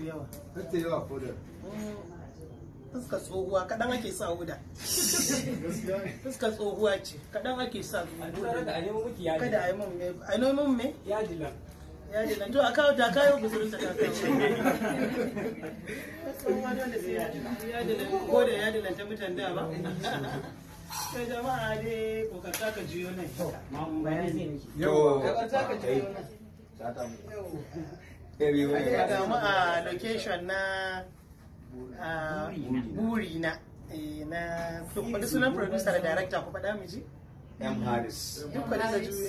ce yawa ko da mm. fuska tsohuwa kaɗan ake sa huda fuska tsohuwa ce kaɗan ake sa huda kada a yi mun me a yi mun me ya dila ya dila to a kawo ta kayo guzurin ta ko da ya dila ta mutan da ba sai jama'a dai ko ka jiyo nan bayan zai bayani yau kokarta jiyo nan a location na burina eh, na wani sunan producer da director ku faɗa miji M. Harris.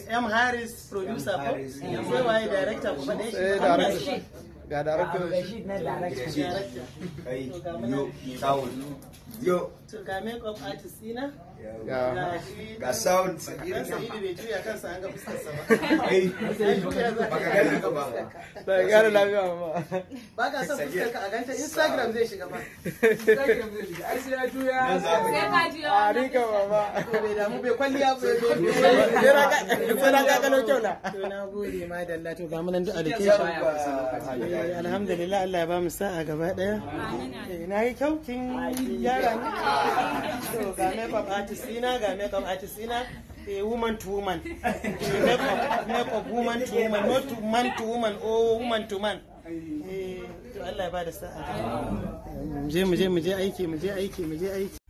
M. Harris, producer ko? Eh, sai waye director ku faɗa shi? Eh, ga darakta shi na darakta kai yo ga sound sai bai juya kansa an ga fuskar sa ba ka ba ba lafiya ba ba ka san fuskar ka a ganta instagram zai shiga ba instagram zai shiga ai sai juya sai ka juya a rika ba ba bai damu bai kwalliya bai bai alhamdulillah Allah ya ba mu sa'a gaba daya eh, na yi kyau kin yara ne so ga makeup artist ina ga makeup artist ina a eh, woman to woman eh, makeup woman to woman not to man to woman o oh, woman to man to Allah ya ba da sa'a mu je mu je mu je aiki mu je aiki mu je aiki